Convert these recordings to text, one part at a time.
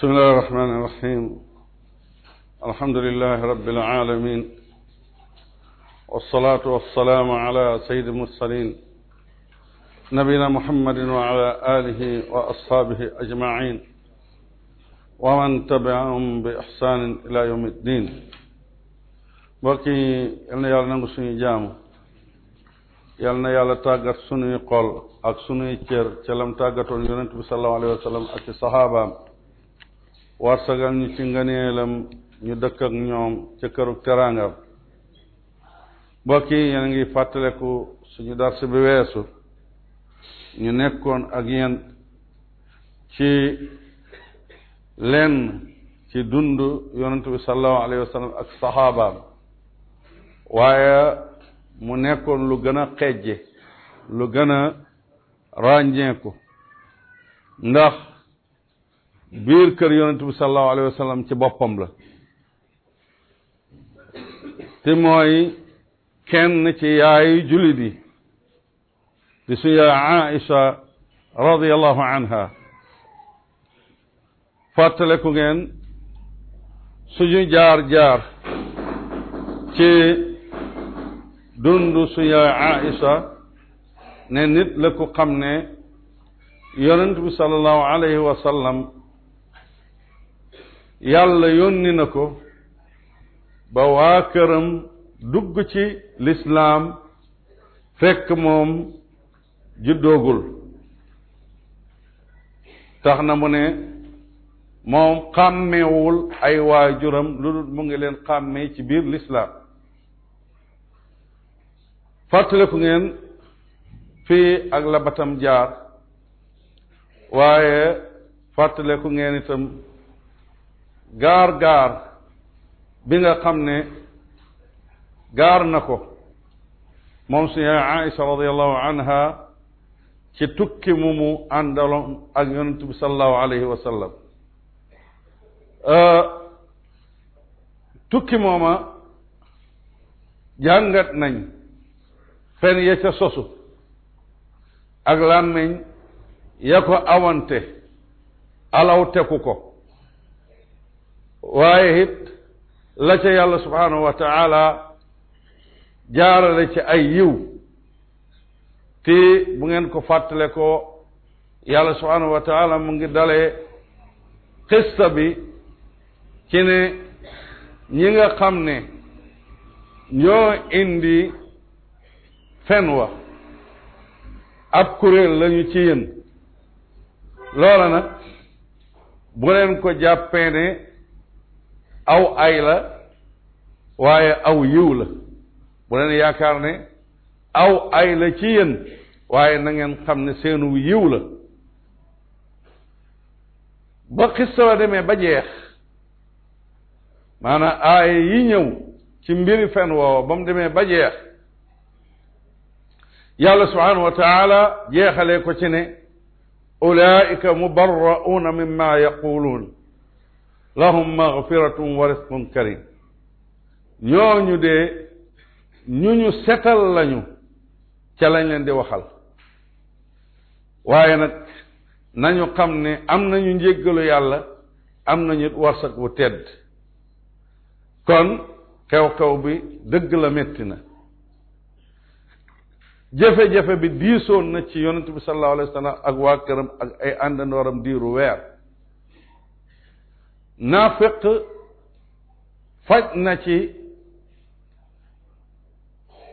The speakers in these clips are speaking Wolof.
بسم الله الرحمن الرحيم الحمد لله رب العالمين والصلاة والسلام على سيد المرسلين نبينا محمد وعلى آله وأصحابه أجمعين ومن تبعهم بإحسان إلى يوم الدين bokki yal na yàlla nangu suñu jaamu yal na yàlla tàggat suñuy xol ak suñuy cër ca lam tàggatoon yonent bi sallallahu alayhi wa sallam ak ci saxaabaam warsagal ñu ci ngëneelam ñu dëkk ak ñoom ca këru teraangam mbokk yi a ngi fàttaleku suñu darsi bi weesu ñu nekkoon ak yéen ci lenn ci dund yonent bi sallallahu alayhi wa ak saxaabaam waaye mu nekkoon lu gën a xejje lu gën a ràññeeku ndax biir kër yonent bi sallallahu alayhi wa sallam ci boppam la te mooy kenn ci yaayu jullit yi di suñu yaay Aïcha radiyallahu anha fàttaleku ngeen suñu jaar-jaar ci dund suñu yaay Aïcha ne nit la ku xam ne yonent bi sallallahu alayhi wa sallam yàlla yónni na ko ba waa këram dugg ci lislaam fekk moom juddoogul tax na mu ne moom xàmmewul ay waajuram lu dul mu ngi leen xàmmee ci biir lislaam fàttaliku ngeen fii ak la batam jaar waaye fàttale fàttaliku ngeen itam gaar-gaar bi nga xam ne gaar na ko moom suñu yaay Aïsa radiallahu anha ci tukki mu mu ak yonent bi salallahu alayhi wa sallam euh, tukki mooma jàngat nañ fen ya ca sosu ak làmmiñ ya ko awante alaw teku ko waaye it la ca yàlla subhaanahu wa taala jaarale ci ay yiw te bu ngeen ko fàttale ko yàlla subhaanahu wa taala mu ngi dale xista bi ci ne ñi nga xam ne ñoo indi fen wa ab kuréel lañu ci yéen loola nag bu leen ko jàppee ne aw ay la waaye aw yiw la bu leen yaakaar ne aw ay la ci yéen waaye na ngeen xam ne seenu yiw la ba xissa wa demee ba jeex maanaam aaya yi ñëw ci mbiri fen woowa ba mu demee ba jeex yàlla subhanahu wa taala jeexalee ko ci ne ulaika mubarrauna mimma yaquluun lahum magfiratum wa risqun karim ñooñu de ñu ñu setal lañu ca lañ leen di waxal waaye nag nañu xam ne am nañu njéggalu yàlla am nañu warsak wu tedd kon xew-xew bi dëgg la metti na jafe-jafe bi diisoon na ci yonent bi sallallahu alayhi wa ak waa këram ak ay àndandooram diiru weer naafiq faj na ci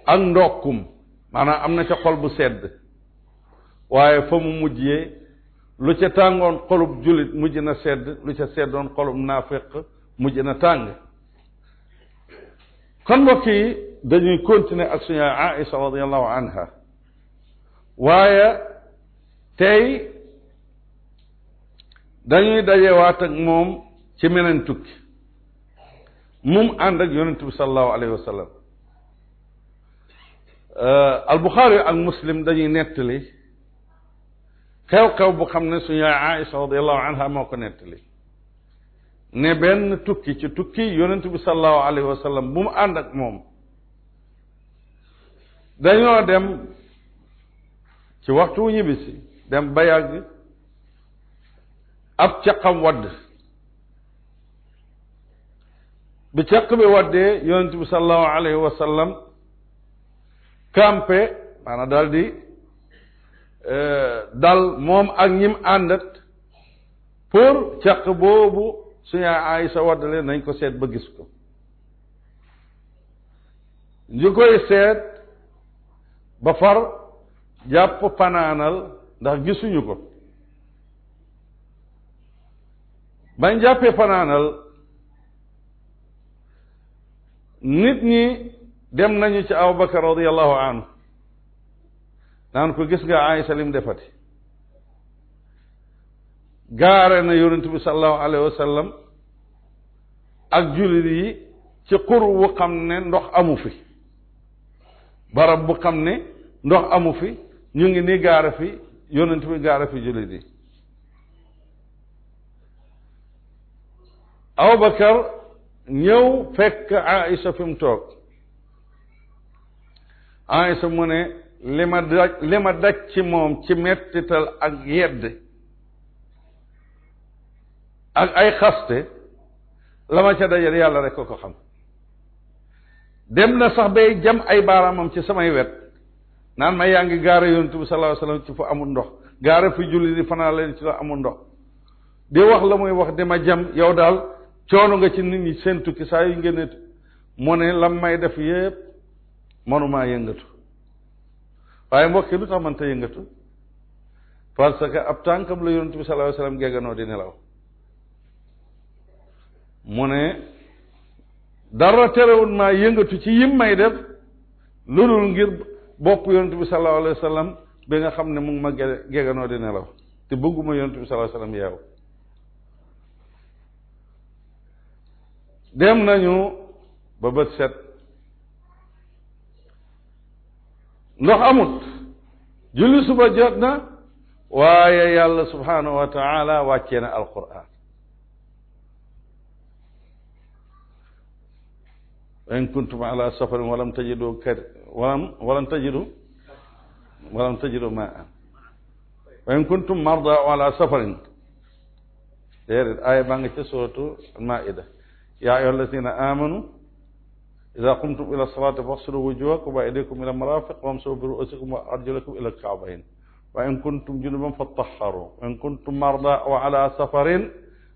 ak ndokkum maanaam am na ci xol bu sedd waaye fa mu mujjee lu ca tàngoon xolub jullit mujj na sedd lu ca seddoon xolub naafiq mujj na tàng kon mbokk yi dañuy continuer ak suñu Aïsa radiallahu anha waaye tey dañuy dajewaat ak moom ci meneen tukki mu ànd ak yonent bi salallahu alayhi wa sallam euh, albuxaari ak muslim dañuy nettali xew-xew bu xam ne suñu yaay aïsa radiallahu anha moo ko nettali ne benn tukki ci tukki yonent bi salallahu alayhi wa sallam mu ànd ak moom dañoo dem ci waxtu wu ñibbisi dem ba yàgg ab caqam wadd bi caq bi waddee yonent bi sallallahu alayhi wa sallam campé maanaam daal di eh, dal moom ak ñim àndat pour caq boobu suñu Aysa waddale nañ ko seet ba gis ko ñu koy seet ba far jàpp fanaanal ndax gisuñu ko bañ jàppee fanaanal nit ñi dem nañu ci Abu Bakar radiyallahu anhu ko gis nga Aïsa lim defati gaare na yonent bi sallallahu alayhi wa ak jullit yi ci xur wu xam ne ndox amu fi barab bu xam ne ndox amu fi ñu ngi ni gaare fi yonent bi gaare fi jullit yi Abu ñëw fekk Aïsa fi mu toog Aïsa mu ne li ma daj li ma daj ci moom ci mettital ak yedd ak ay xaste la ma ca dajal yàlla rek ko xam dem na sax bay jam ay baaraamam ci samay wet naan ma yaa ngi gaara yonent bi sallallahu ci fu amul ndox gaara fi julli di fanaa leen ci la amul ndox di wax la muy wax di ma jam yow daal coono nga ci nit ñi seen tukki saa yu ngeen mu ne lam may def yépp mënumaa yëngatu waaye mbokk yi lu tax mënta yëngatu parce que ab tànkam la yonent bi sallallahu alayhi wasallam di nelaw mu ne dara terewul maa yëngatu ci yim may def lu dul ngir bopp yonent bi sallallahu alayhi wasallam bi nga xam ne mu ngi ma gegganoo di nelaw te bëgguma yonent bi sallallahu alayhi wasallam dem nañu ba bët set ndox amut julli suba jot na waaye yàlla subhaanahu wa taala wàccee na alquran wa in kuntum ala safarin walam tajidu kari walam walam tajidu walam tajidu ma an wa in kuntum marda ala safarin déedéet aaya baa nga ca suratu maida yaa ayyuha allazina amanu ida qumtum ila salaati faxsilu wujuhakum wa aydiyakum ila marafiq wamsahu bi ru'usikum wa arjulakum ila alka'bayn wa in kuntum junuban fatahharu wa in kuntum marda aw ala safarin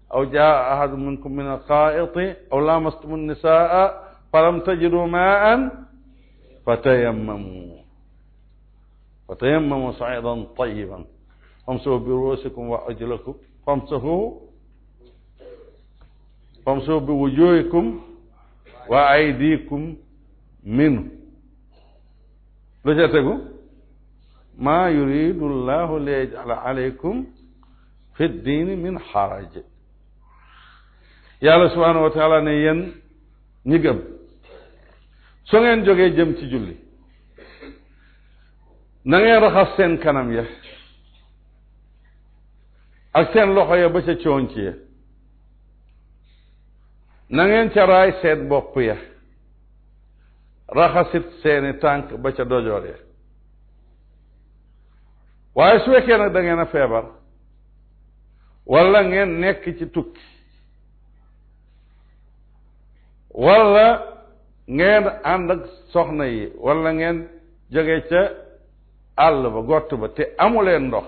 aw jaa ahadun minkum min alqaa'iti aw lamastum annisaa falam tajidu maa'an fatayammamu fatayammamu sa'idan tayyiban famsahu bi ru'usikum wa arjulakum famsahu famsu bi wujuhikum wa aydikum minhu lu ca tegu maa yuridu llahu li yajala alaykum fi diini min xaraj yàlla subhanahu wa taala ne ñi gëm su ngeen jógee jëm ci julli na ngeen raxas seen kanam ya ak seen loxo ya ba ca cooñ ci ya na ngeen ca raay seen bopp ya raxasit seeni tànk ba ca dojoor ya waaye su fekkee nag da a feebar wala ngeen nekk ci tukki wala ngeen ànd ak soxna yi wala ngeen jóge ca àll ba gott ba te amuleen ndox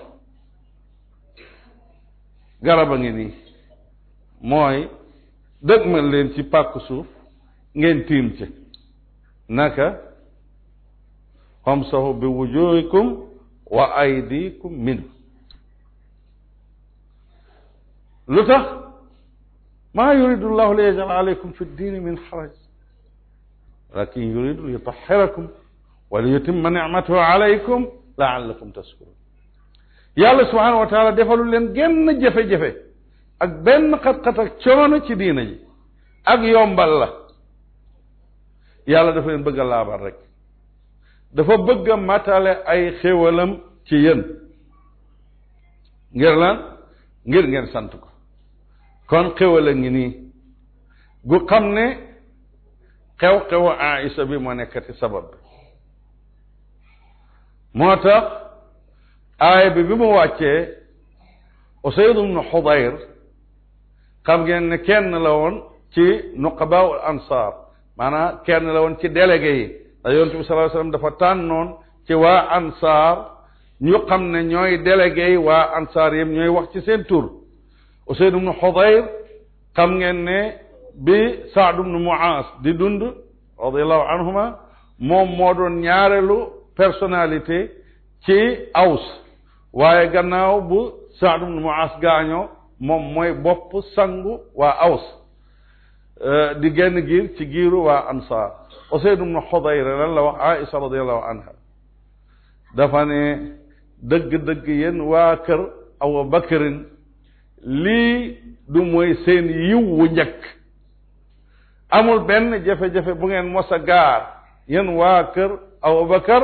garab a ngi nii mooy dëgmal leen ci pàkk suuf ngeen tiim ci naka xamsahu bi wujuhikum wa aydikum min lu tax maa yuridu llahu li yajal aleykum fi ddini min xaraj lakin yuridu li yutahirakum wa li yutimma nicmatahu aleykum laallakum tashkurun yàlla subhanahu wa taala defalu leen genn jafe-jafe ak benn xat-xat coono ci diina ak yombal la yàlla dafa leen bëgg a laabal dafa bëgg a matale ay xéwalam ci yéen ngir lan ngir ngeen sant ko kon xéwal a ngi nii gu xam ne xew-xewu Aïsa bi moo nekkati sabab bi moo tax aaya bi bi mu wàccee Usayd ibnu Xudayr xam ngeen ne kenn la woon ci nuqabaaw ansaar maanaam kenn la woon ci délégué yi da yonent bi sallallahu alayhi dafa tànnoon ci waa ansaar ñu xam ne ñooy délégué yi waa ansaar yëpp ñooy wax ci seen tur Usayd ibnu Xudayr xam ngeen ne bi Saad ibnu Muaas di dund radiallahu anhuma moom moo doon ñaareelu personnalité ci Aws waaye gannaaw bu Saad ibnu Muaas gaañoo moom mooy bopp sangu waa aws euh, di genn giir ci giiru waa ansaar Usayd ibn Xudayr lan la wax Aïsa radiallahu anha dafa ne dëgg-dëgg yéen waa kër Abu lii du mooy seen yiw wu njëkk amul benn jafe-jafe bu ngeen mos a gaar yéen waa kër Abu Bakar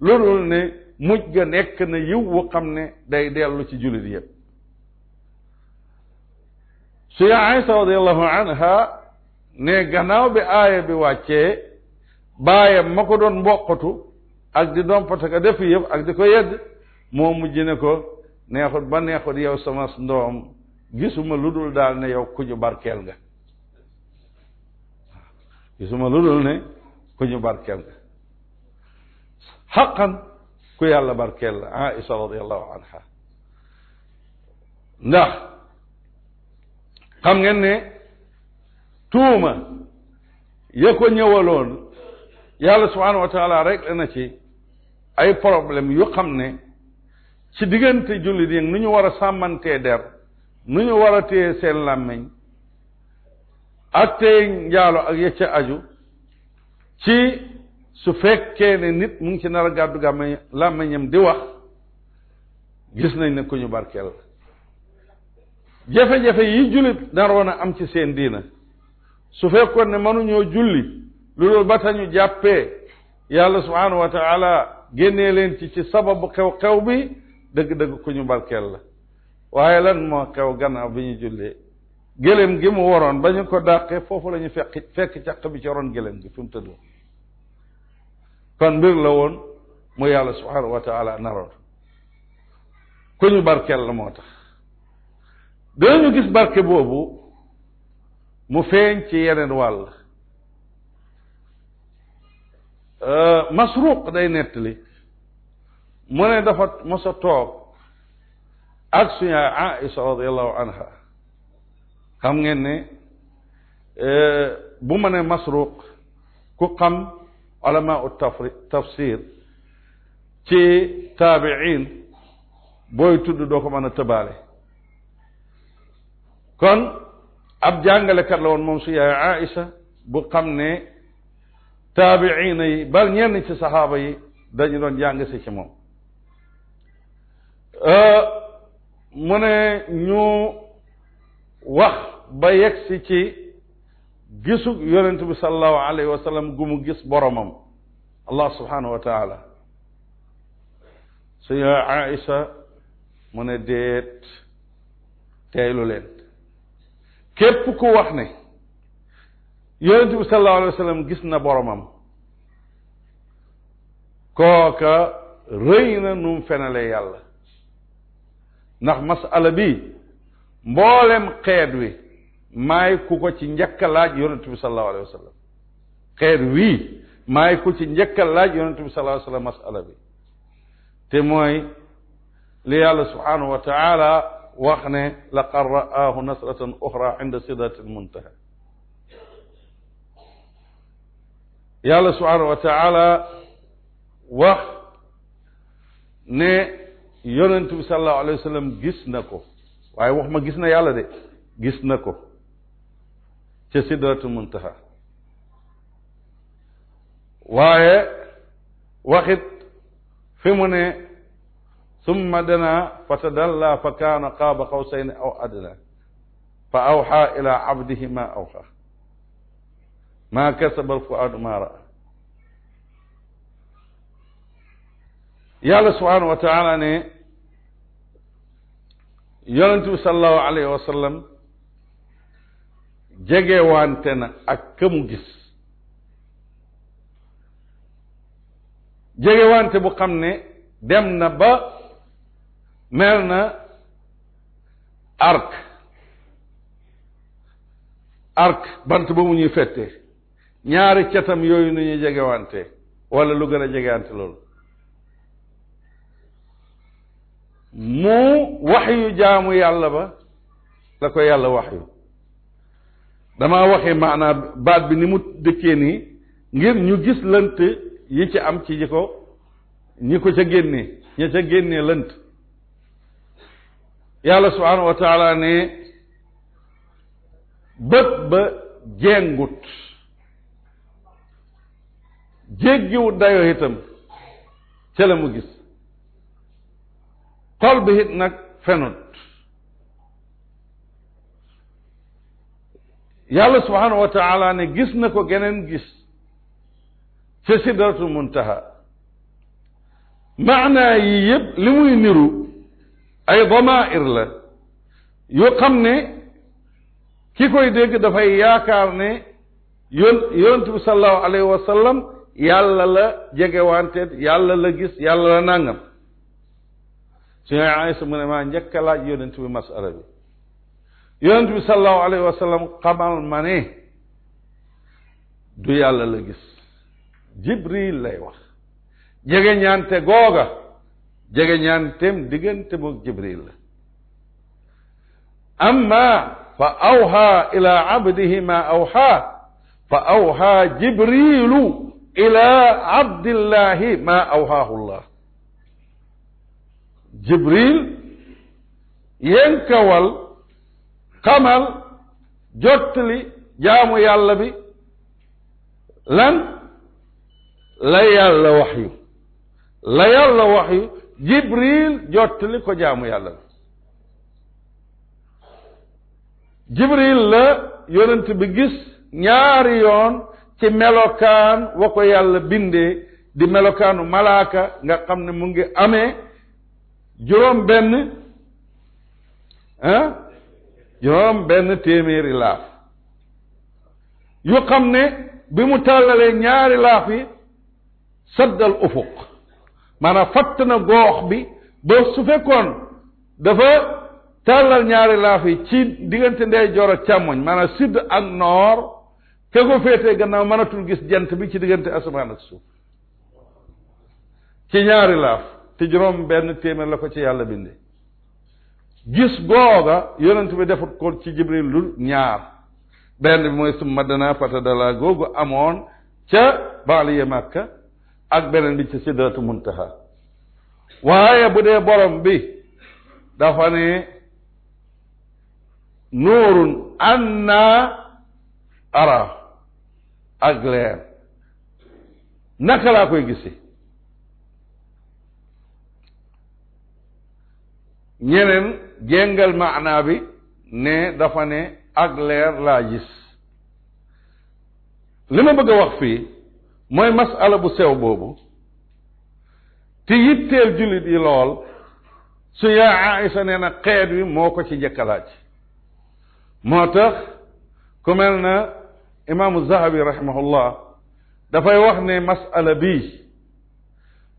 loolul ne mujj ga nekk na yiw wu xam ne day dellu ci jullit yépp su yaay Aysa radiyallahu anha ne gannaaw bi aaya bi wàccee baayam ma ko doon mboqatu ak di dompata ka def yëpp ak di ko yedd moo mujj ne ko neexut ba neexut yow sama ndoom gisuma lu dul daal ne yow ku ñu barkeel nga gisuma lu dul ne ku ñu barkeel nga xaqan ku yàlla barkeel la Aysa radiyallahu anha ndax xam ngeen ne tuuma ya ko ñëwaloon yàlla subhaanahu wa taala rek na ci ay problème yu xam ne ci diggante jullit yi nu ñu war a sàmmantee der nu ñu war a téye seen làmmeñ ak tey njaalo ak yecca aju ci su fekkee ne nit mu ngi ci nar a gàddu gàmmeñ làmmeñam di wax gis nañ ne ku ñu barkeel jafe-jafe yi jullit naroon a am ci seen diina su fekkoon ne mënuñoo julli lu dul ba tañu jàppee yàlla subhaanahu wa taala génnee leen ci ci sababu xew-xew bi dëgg-dëgg ku ñu barkeel la waaye lan moo xew gannaaw bi ñu jullee gëléem gi mu waroon ba ñu ko dàqee foofu lañu ñu fekk fekk caq bi ci ron gëléem gi fi mu tëddoo kon mbir la woon mu yàlla subhaanahu wa taala naroon ku ñu barkeel la moo tax dañu gis barke boobu mu feeñ ci yeneen wàll euh, masruq day nettali mu ne dafa mos a toog ak suñu Aïsa radiallahu anha xam ngeen ne euh, bu ma ne masruq ku xam ulama u tafri tafsir ci taabiin booy tudd doo ko mën a tëbaale kon ab jàngalekat la woon moom su yaay Aïcha bu xam ne taabiina yi ba ñenn ci saxaaba yi dañu doon jàng si ci moom euh, mu ne ñu wax ba yegsi ci gisu yonent bi sallallahu alayhi wa gu mu gis boromam allah subhanahu wa taala su yaay Aïcha mu ne déet teeylu leen képp ku wax ne yonente bi sallallahu alayhi wa sallam gis na boromam kooka rëy na nu mu fenalee yàlla ndax masala bi mboolem xeet wi maay ku ko ci njëkk laaj yonente bi sallallahu alayhi wa sallam xeet wii maay ku ci njëkk laaj yonente bi sallallahu alayhi masala bi te mooy li yàlla subhanahu wa taala wax ne laqad ra'aahu nasratan uxra inda sidratil muntaha yàlla subhaanahu wa taala wax ne yonent bi sallallahu alayhi wa sallam gis na ko waaye wax ma gis na yàlla de gis na ko ca sidratul muntaha waaye waxit fi mu ne summa dana fa tadalla fa kaana qaaba qawsayni aw adna fa awxaa ila abdihi ma awxaa maa kasaba alfuaadu maa raa yàlla subhaanahu wa taala ne yonent bi salallahu alayhi wa sallam jegewante na ak këmu gis jegewante bu xam ne dem na ba mel na arc arc bant ba mu ñuy fette ñaari catam yooyu nu ñuy jegewante wala lu gën a jegewante loolu mu wax yu jaamu yàlla ba la ko yàlla wax yu damaa waxee maanaam baat bi ni mu dëkkee nii ngir ñu gis lënt yi ci am ci ñi ko ñi ko ca génnee ña ca génnee lënt yàlla subhaanahu wa taala ne bët ba jengut jéggiwut dayoo itam ca la mu gis xol bi it nag fenut yàlla subhaanahu wa taala ne gis na ko geneen gis ca sidratul muntaha maanaa yi yëpp li muy niru ay damair la yoo xam ne ki koy dégg dafay yaakaar ne yoon yonent bi sallallahu alayhi wa sallam yàlla la jegewanteet yàlla gis yàlla la nàngam suñu Aysa mu ne maa njëkk a laaj yonent bi masala bi yonent bi sallallahu alayhi wa sallam xamal ma du yàlla la gis jibril lay wax jege ñaante googa jege ñaanteem diggante moog jibril la amma fa awha ila abdihi ma awha fa awha jibrilu ila abdillahi ma awhaahullah jibril yenkawal xamal jottali jaamu yàlla bi lan la yàlla waxyu la yàlla waxyu jibril jottali ko jaamu yàlla la jibril la yonent bi gis ñaari yoon ci melokaan wa ko yàlla bindee di melokaanu malaaka nga xam ne mu ngi amee juróom benn ah juróom benn téeméeri laaf yu xam ne bi mu tàllalee ñaari laaf yi saddal ufuq maanaam fatt na goox bi ba su fekkoon dafa tàllal ñaari laaf yi ci diggante ndey joor ak càmmoñ maanaam sud ak noor ke ko gannaaw mënatul gis jent bi ci diggante asamaan ak suuf ci ñaari laaf te juróom benn téeméer la ko ci yàlla binde gis googa yonent bi defut ko ci jibril lu ñaar benn bi mooy summa danaa fata dalaa googu amoon ca baaliye màkka ak beneen bi ci sidratu muntaha waaye bu dee borom bi dafa ne nuurun anna ara ak leer naka laa koy gisi ñeneen jéngal maanaa bi ne dafa ne ak leer laa gis li ma bëgg a wax fii mooy masala bu sew boobu te yitteel jullit yi lool su yaa Aïsa nee na xeet wi moo ko ci njëkk a laaj moo tax ku mel na imaamu Zahabi rahimahullah dafay wax ne masala bii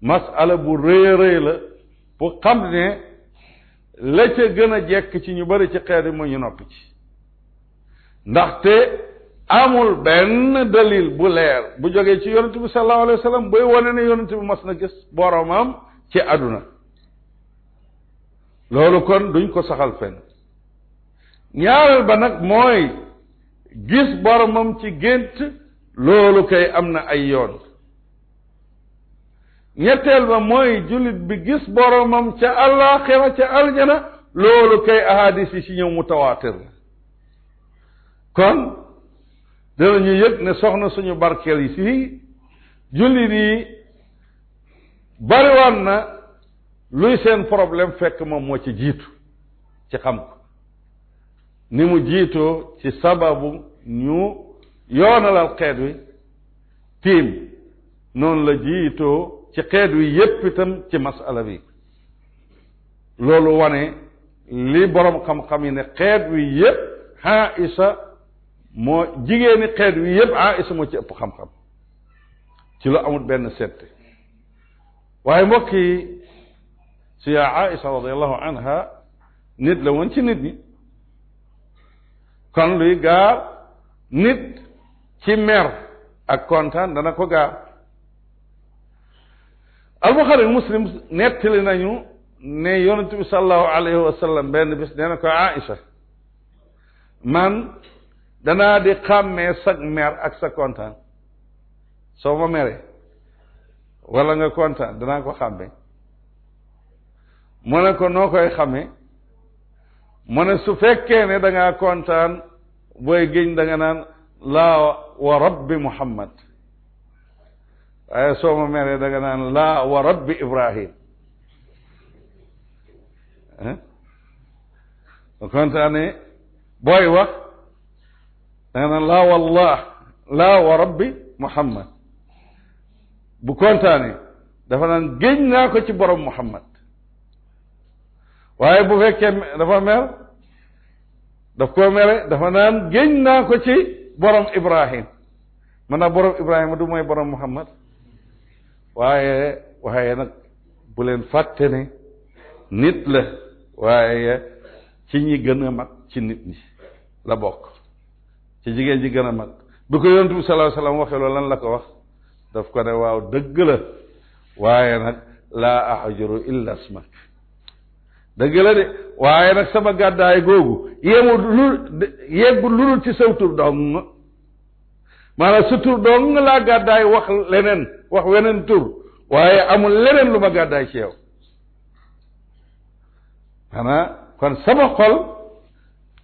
masala bu rëy a rëy la bu xam ne la ca gën a jekk ci ñu bari ci xeet wi mu ñu noppi ci ndaxte amul benn dalil bu leer bu jógee ci yonent bi sallallahu alayhi wa sallam buy wane ne yonent bi mas na gis boromam ci àdduna loolu kon duñ ko saxal fenn ñaareel ba nag mooy gis boromam ci gént loolu kay am na ay yoon ñetteel ba mooy jullit bi gis boromam ca àllaaxira ca aljana loolu kay ahadis yi ci ñëw mu tawaatir la kon danañu yëg ne soxna suñu barkeel yi fii jullit yi bariwaan na luy seen problème fekk moom moo ci jiitu ci xam ko ni mu jiitoo ci sababu ñu yoonalal xeet wi tiim noonu la jiitoo ci xeet wi yépp itam ci masala bi loolu wane li boroom xam-xam yi ne xeet wi yépp xaa isa moo jigéeni xeet wi yépp Aïsa moo ci ëpp xam ci lu amul benn sette waaye mbokk yi si yaa Aïsa radiallahu anha nit la woon ci nit ñi kon luy gaar nit ci mer ak kontaan dana ko gaar albuxaari muslim nettali nañu ne yonente bi salallahu alayhi wa sallam benn bis nee na ko Aïsa man danaa di xàmmee sa ak sa kontaan soo ma mere wala nga kontaan dana ko xàmmee mu ne ko noo koy xàmmee mu ne su fekkee ne da ngaa kontaan booy géñ da nga naan laa wa rabbi muhammad waaye soo ma meree da naan laa wa rabbi ibrahim eh? kontaane booy wax da nga naan laa wallah laa wa rabbi muhammad bu kontaane dafa naan géñ naa ko ci borom muhammad waaye bu fekkee dafa mer daf koo mere dafa naan géñ naa ko ci borom ibrahim maanaam borom ibrahima du mooy borom muhammad waaye waaye nag buleen leen fàtte ne nit la waaye ci ñi gën a mag ci nit ñi la bokk ci jigéen ji gën a mag bi ko yonent bi sallallahu alayhi lan la ko wax daf ko ne waaw dëgg la waaye nag laa ahjuru illa smak dëgg la waaye nag sama gàddaay googu yemu lu yeggul lu dul ci saw tur dong maanaam sa tur dong laa gàddaay wax leneen wax weneen tur waaye amul leneen lu ma gàddaay ci yow xanaa kon sama xol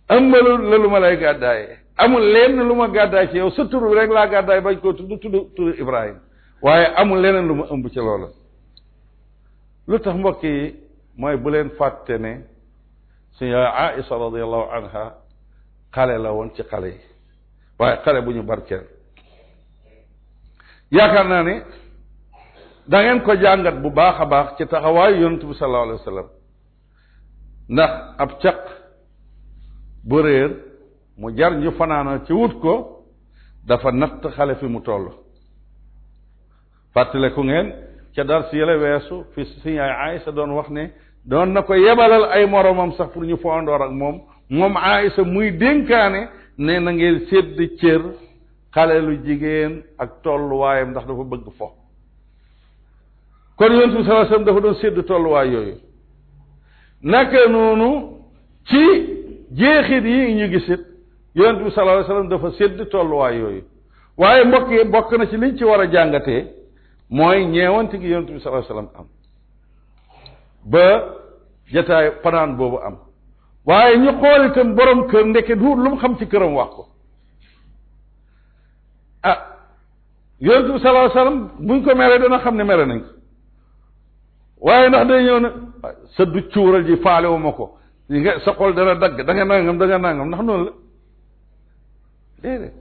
ëmbalu la lu ma lay gàddaaye amul lenn lu ma gàddaay ci yow sa tur rek laa gàddaay bañ koo tudd tudd tudd Ibrahima waaye amul leneen lu ma ëmb ci loola lu tax mbokk yi mooy bu leen fàtte ne suñu yaay Aïsa radiallahu anha xale la woon ci xale yi waaye xale bu ñu barkeel yaakaar naa ni dangeen ko jàngat bu baax a baax ci taxawaayu yonent bi sallallahu alayhi wa ndax ab caq bu réer mu jar ñu fanaana ci wut ko dafa natt xale fi mu toll fàttaleku ngeen ca dar si yële weesu fi si yaay Aysa doon wax ne doon na ko yebalal ay moroomam sax pour ñu fondoor ak moom moom Aysa muy dénkaane ne na ngeen sédd cër xale lu jigéen ak tolluwaayam ndax dafa bëgg fo kon yonent bi sallallahu dafa doon sédd tolluwaay yooyu naka noonu ci jeexit yi ñu gisit yonent bi sallallahu alayhi sédd tolluwaay yooyu waaye mbokk yi bokk na ci liñ ci war a jàngatee mooy ñeewante gi yonent bi sallallahu alayhi wasallam am ba jataay panaan boobu am waaye ñu xool itam borom kër ndeke duur lu mu xam ci këram wax ko ah yonent bi sallallahu alayhi wasallam buñ ko meree dana xam ne mere nañ ko waaye ndax day ñëw ne ah, sa du cuural ji faale wu ma ko nga sa xol dana dagg da nga nangam da nga nangam ndax noonu la déedéet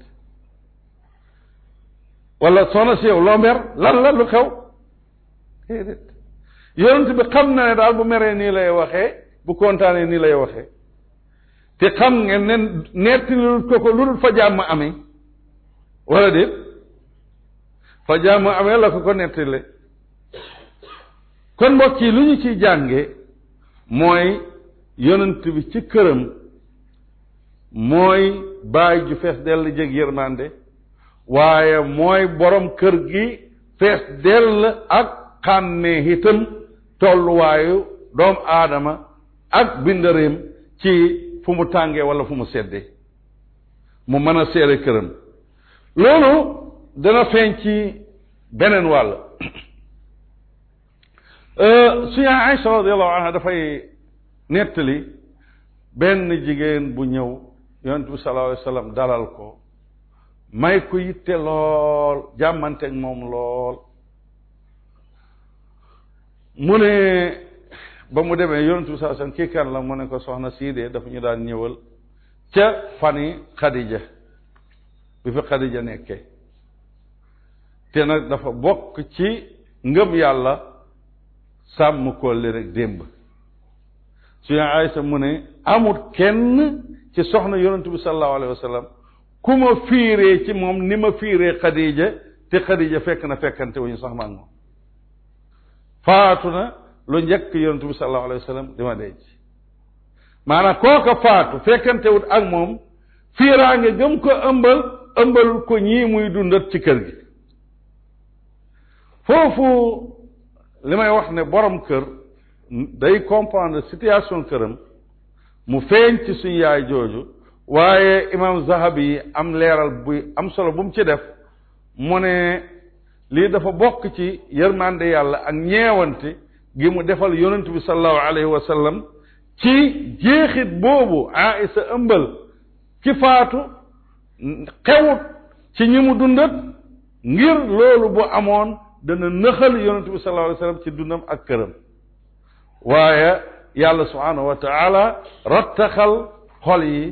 wala soxna si yow loo lan la lu xew déedéet bi xam na ne daal bu meree nii lay waxee bu kontaanee nii lay waxee te xam ngeen ne netti lu ko ko lu dul fa jàmm amee wala déet fa jàmm amee la ko ko nettile kon mbokk yi lu ñu ciy jànge mooy yonent bi ci këram mooy baay ju fees dell jég yërmande waaye mooy borom kër gi fees dell ak xàmmee itam tolluwaayu doomu aadama ak bindareem ci fu mu tàngee wala fu mu seddee mu mën a seere këram loolu dana feeñ ci beneen wàll euh, suñu Aïcha radiallahu anha dafay nettali benn jigéen bu ñëw yonent bi sallallahu alayhi dalal ko may ko yitte lool jàmmanteeg moom lool mu ne ba mu demee yonent bi sallallahu alayhi kii kan la mu ne ko soxna siidee dafa ñu daan ñëwal ca fani xadija bi fi Khadija nekkee te nag dafa bokk ci ngëm yàlla sàmm kóllëre rek démb su Aysa mu ne amul kenn ci soxna yonent bi sallallahu alayhi wa ku ma fiiree ci moom ni ma fiiree Khadija te Khadija fekk na fekkante wuñu ñu sax ma ak moom faatu na lu njëkk yonent bi sallallahu alayhi wa sallam di ma denc maanaa kooka faatu fekkante ak moom fiiraange gëm ko ëmbal ëmbal ko ñii muy dundat ci kër gi foofu li may wax ne borom kër day comprendre situation këram mu feeñ ci suñ yaay jooju waaye imam zahabi am leeral bu am solo bu ci def mu ne lii dafa bokk ci yërmande yàlla ak ñeewante gi mu defal yonent bi sallallahu wa sallam ci jeexit boobu Aïsa ëmbal ci faatu xewut ci ñi mu dundat ngir loolu bu amoon dana nëxal yonent bi sallallahu wa sallam ci dundam ak këram waaye yàlla subhaanahu wa taala rattaxal xol yi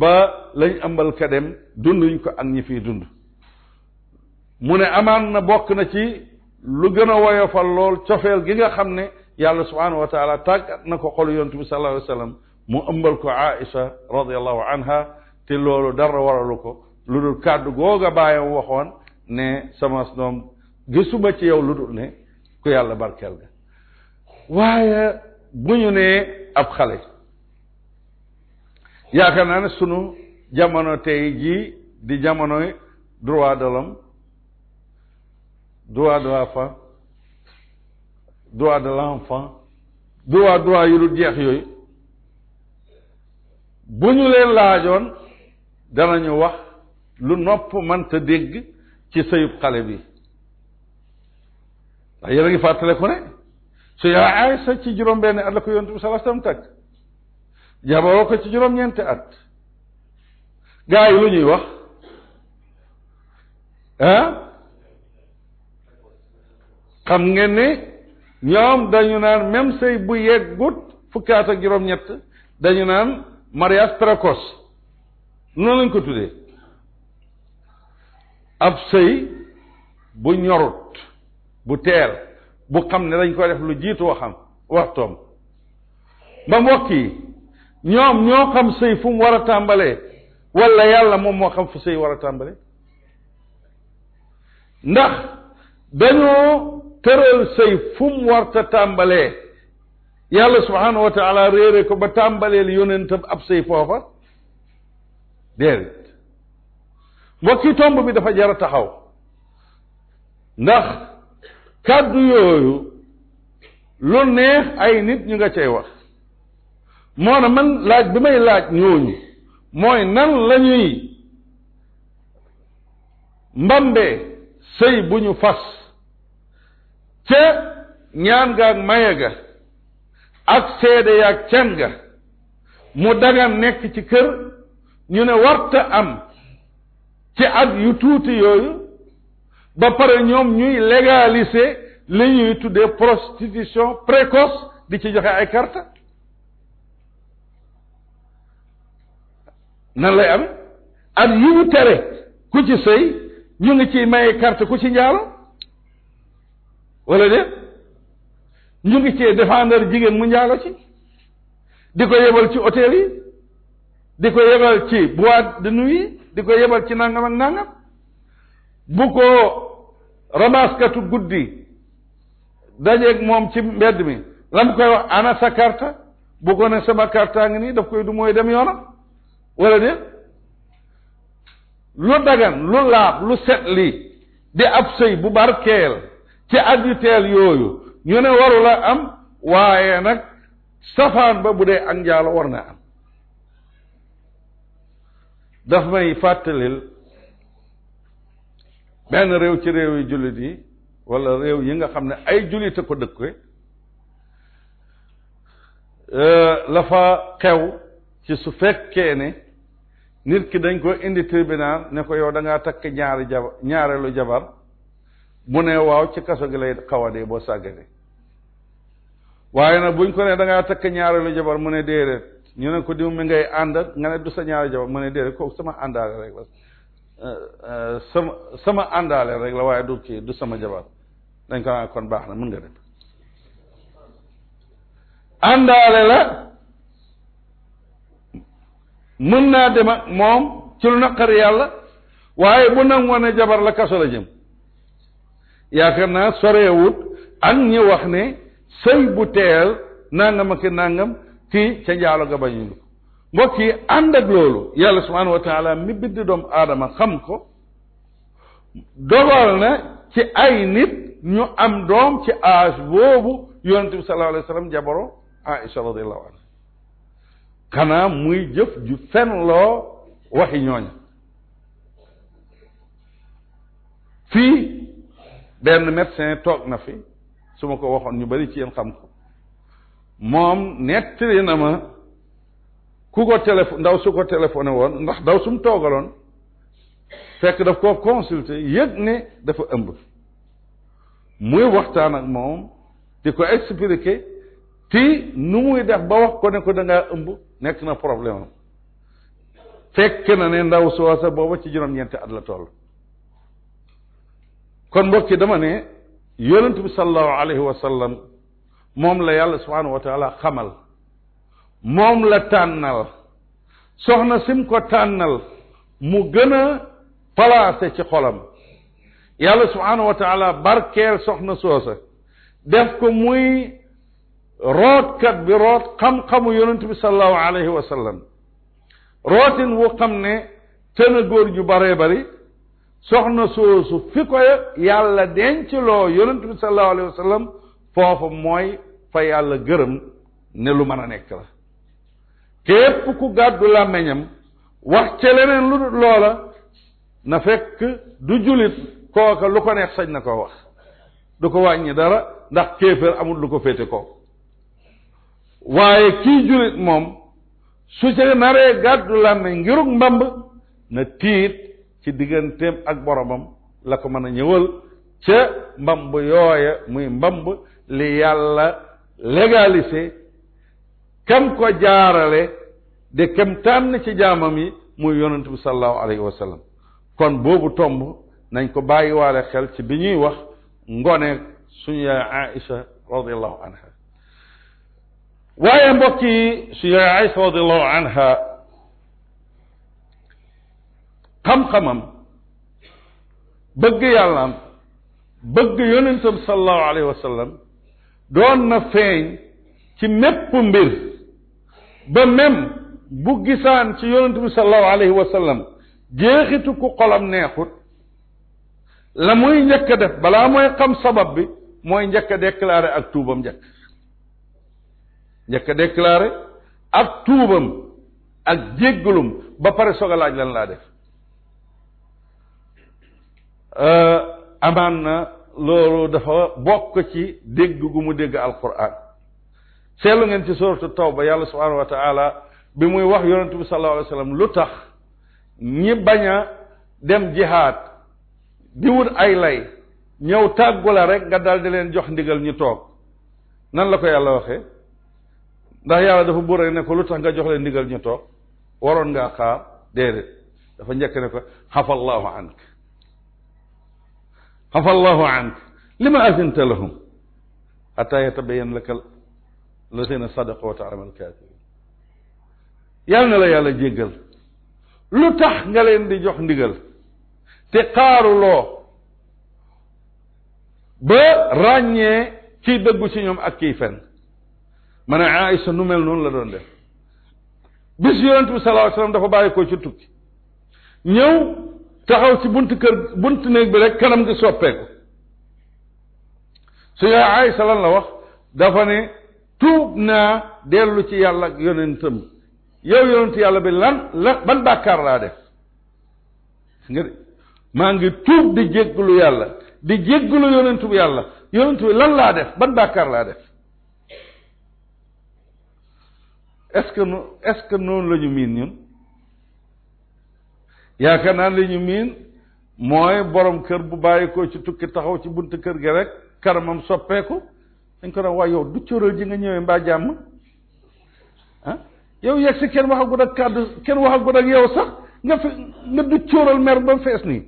ba lañ ëmbal ka dem dunduñ ko ak ñi fiy dund mu ne amaan na bokk na ci lu gëna a woyofal lool cofeel gi nga xam ne yàlla subhaanahu wa taala na ko xolu yontu bi sallallahu alayhi mu ëmbal ko Aïcha radiallahu anha te loolu dara waralu ko lu dul kàddu googa baayam waxoon ne sama gi suba ci yow lu dul ne ku yàlla barkeel ga waaye bu ñu nee ab xale yaakaar naa ne sunu jamono tey jii di jamonoy droit de l'homme droit de la femme droit de l'enfant droit droit yu dul jeex yooyu bu ñu leen laajoon ñu wax lu nopp mënta dégg ci sëyub xale bi ndax yéen a ngi fàttale ku ne yaa Aysa ci juróom benn at la ko yonent bi sallallahu alayhi takk jabaroo ko ci juróom ñeenti at gaa yi lu ñuy wax ah xam ngeen ni ñoom dañu naan même sëy bu yeggut fukki at ak juróom-ñett dañu naan mariage précoce noonu lañ ko tuddee ab sëy bu ñorut bu teel bu xam ne dañ ko def lu jiitu waxam waxtoom ba mbokk yi ñoom ñoo xam sëy fu mu war a tàmbalee wala yàlla moom moo xam fu sëy war a tàmbalee ndax dañoo tëral sëy fu warta tàmbalee yàlla subhaanahu wa taala ko ba tàmbaleel yonentam ab sëy foofa déedéet mbokki tomb bi dafa jara taxaw ndax kàddu yooyu lu neex ay nit ñu nga cay wax moo na man laaj bi may laaj ñooñu mooy nan lañuy ñuy mbambee sëy bu ñu fas ca ñaan ga ak maye ga ak seede ya ak ga mu dagan nekk ci kër ñu ne warta am ci at yu tuuti yooyu ba pare ñoom ñuy légalisé li ñuy tuddee prostitution précoce di ci joxe ay carte nan lay am at yi ñu tere ku ci sëy ñu ngi ciy maye carte ku ci njaalo wala de ñu ngi cee défendre jigéen mu njaalo ci di ko yebal ci hôtel yi di ko yebal ci boîte de nuit yi di ko yebal ci nangam ak nangam bu ko ramaskatu guddi dajeeg moom ci mbedd mi lam koy wax ana sa karta bu ko ne sama kartaa ngi nii daf koy du mooy dem yoonam wala déet lu dagan lu laab lu set lii di ab sëy bu barkeel ci additeel yooyu ñu ne warula am waaye nag safaan ba bu dee ak njaalo war na am daf may fàttalil benn réew ci réew yi jullit yi wala réew yi nga xam ne ay jullit a ko dëkke euh, la fa xew ci su fekkee ne nit ki dañ ko indi tribunal ne ko yow dangaa takk ñaari jabar ñaareelu jabar mu ne waaw ci kaso gi lay xaw a boo sàggane waaye nag buñ ko nee dangaa ngaa takk ñaareelu jabar mu ne déedéet ñu ne ko diw mi ngay ànd nga ne du sa ñaari jabar mu ne déedéet kooku sama àndaale rek la Euh, euh, sama sama àndaale rek la waaye du kii du sama jabar dañ ko naan kon baax na mën nga dem àndaale la mën naa dem ak moom ci lu naqari yàlla waaye bu nangoo ne jabar la kaso la jëm yaakaar naa sorewut ak ñi wax ni sëy bu teel nangam ak nàngam kii ca njaalo ga bañuñu mbokk yi ànd ak loolu yàlla subhanahu wa taala mi bind doomu aadama xam ko dogal na ci ay nit ñu am doom ci âge boobu yonente bi sallallahu alayhi wa sallam jabaro aïcha radiallahu xanaa muy jëf ju fen loo waxi ñooña fii benn médecin toog na fi su ma ko waxoon ñu bari ci yéen xam ko moom nettali na ma ku ko téléphone ndaw su ko téléphoné woon ndax ndaw sum toogaloon fekk daf koo consulter yëg ne dafa ëmb muy waxtaan ak moom di ko expliquer ti nu muy def ba wax ko ne ko da ëmb nekk na problème fekk na ne ndaw soosa booba ci juróom-ñeenti at la toll kon mbokki dama ne yonent bi sallallahu alayhi wa moom la yàlla subhanahu wa taala xamal moom la tànnal soxna sim ko tànnal mu gën a placé ci xolam yàlla subhaanahu wa taala barkeel soxna soosa def ko muy rootkat bi root xam-xamu yonent bi sallallahu alayhi wa rootin wu xam ne tën góor ñu baree bari soxna soosu fi ko yàlla denc loo yonent bi sallallahu alayhi wa foofu mooy fa yàlla gërëm ne lu mën a nekk la képp ku gàddu làmmiñam wax ca leneen lu dul loola na fekk du julit kooka lu ko neex sañ na ko wax du ko wàññi dara ndax kéeféer amul lu ko féete ko waaye kii julit moom su ca naree gàddu làmmiñ ngirug mbamb na tiit ci digganteem ak boromam la ko mën a ñëwal ca mbamb yooya muy mbamb li yàlla légalisé kam ko jaarale de kam tànn ci jaamam yi muy yonent bi sallallahu alayhi wa kon boobu tomb nañ ko bàyyiwaale xel ci bi ñuy wax ngone suñu yaay Aïcha radiallahu anha waaye mbokk yi suñu yaay Aïcha radiallahu anha xam-xamam bëgg yàllaam bëgg yonentam sallallahu alayhi wa sallam doon na feeñ ci mépp mbir ba même bu gisaan ci yonent bi sallallahu alayhi wa sallam ku xolam neexut la muy njëkk def balaa mooy xam sabab bi mooy njëkk a ak tuubam njëkk njëkk a ak tuubam ak jéggalum ba pare soog laaj lan laa def euh, amaan na loolu dafa bokk ci dégg gu mu dégg alquran seetlu ngeen ci taw ba yàlla subhanahu wa bi muy wax yonente bi sallallahu alayhi wasallam lu tax ñi bañ a dem jihaad di wut ay lay ñëw tàggu rek nga daal di leen jox ndigal ñu toog nan la ko yàlla waxee ndax yàlla dafa buur rek ne ko lu tax nga jox leen ndigal ñu toog waroon ngaa xaar déedéet dafa njëkk ne ko xafallahu ank xafallahu ank li ma azinta lahum xata yatabayan laka lazina sadaqu wa ta'lamu al-kaadibiin yal na la yàlla jéggal lu tax nga leen di jox ndigal te xaaruloo ba ràññee kiy dëggu ci ñoom ak kiy fen ma ne Aïsa nu mel noonu la doon def bis yonent bi sallallahu dafa bàyyi ko ci tukki ñëw taxaw ci bunt kër bunt néeg bi rek kanam gi soppeeku su yaay Aïsa lan la wax dafa ne tuub naa dellu ci yàlla ak yonentam yow yonent yàlla bi lan lan ban bàkkaar laa def maa ngi tuub di jégglu yàlla di jégglu yonentu yàlla yonentu lan laa def ban bàkkaar laa def est-ce que noonu lañu ñu miin ñun yaakaar naa li ñu miin mooy borom kër bu bàyyi ci tukki taxaw ci buntu kër gi rek karamam soppeeku dañ ko doon waaye yow du cóoral ji nga ñëwee mbaa jàmm ah, yow yegg si kenn waxagut ak kàddu kenn waxagut ak yow sax nga fi nga du cóoral mer ba fees nii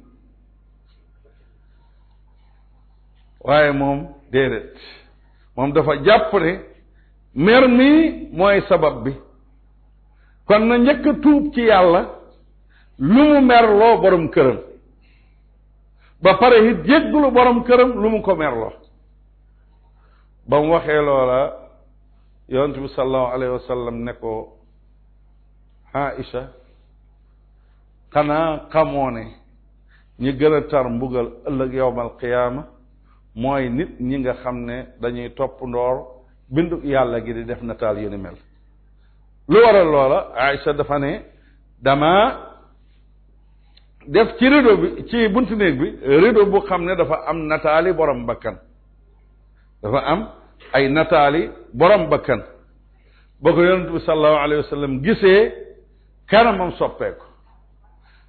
waaye moom déedéet moom dafa jàpp ne mer mi mooy sabab bi kon na njëkk a tuub ci yàlla lu mu merloo borom këram ba pare it borom këram lu mu ko merloo ba mu waxee loola yonent bi sallallahu alayhi wa ne ko Aïcha xanaa xamoo ñi gën a tar mbugal ëllëg yowmal qiyaama mooy nit ñi nga xam ne dañuy topp ndoor bindu yàlla gi di def nataal yu ni mel lu waral loola Aïcha dafa ne dama def ci rido bi ci buntu néeg bi rido bu xam ne dafa am nataali borom bakkan dafa am ay nataali borom bakkan ba ko yonent bi sallallahu alayhi wa gisee kanamam soppeeku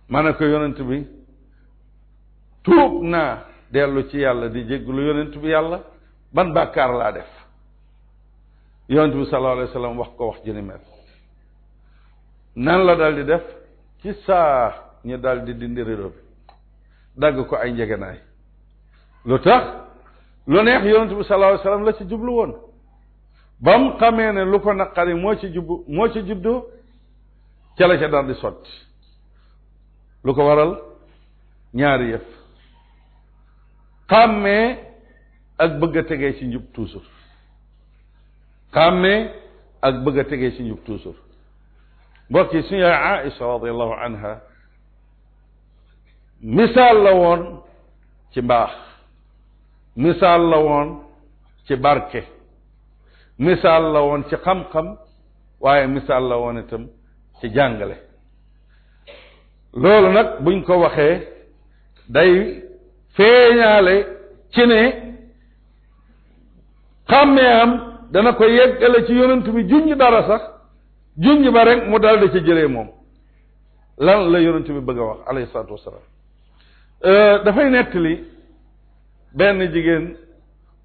ma ne ko yonent bi tuub naa dellu ci yàlla di jégglu yonent bi yàlla ban bàkkaar laa def yonent bi sallallahu alayhi wa wax ko wax ji nan la daldi def ci saa ñu dal dindi rido bi dagg ko ay njegenaay lu tax lu neex yonent bi sallallahu alayhi wasallam la ci jublu woon bam mu xamee ne naqari moo ci jubbu moo ci jubdu ca la ca daal lu ko waral ñaari yëf xàmmee ak bëgg tegee ci njub toujours xàmmee ak bëgg tegee ci njub toujours mbokk yi suñu yaay Aïcha radiallahu anha misaal la woon ci mbaax misaal la woon ci barke misaal la woon ci xam-xam waaye misaal la woon itam ci jàngale loolu nag buñ ko waxee day feeñaale ci ne xàmmee am dana ko yeggale ci yonent bi junj dara sax junj ba rek mu daldi ci jëlee moom lan la yonent bi bëgg a wax alayhi salaatu wasalaam euh, dafay nettali benn jigéen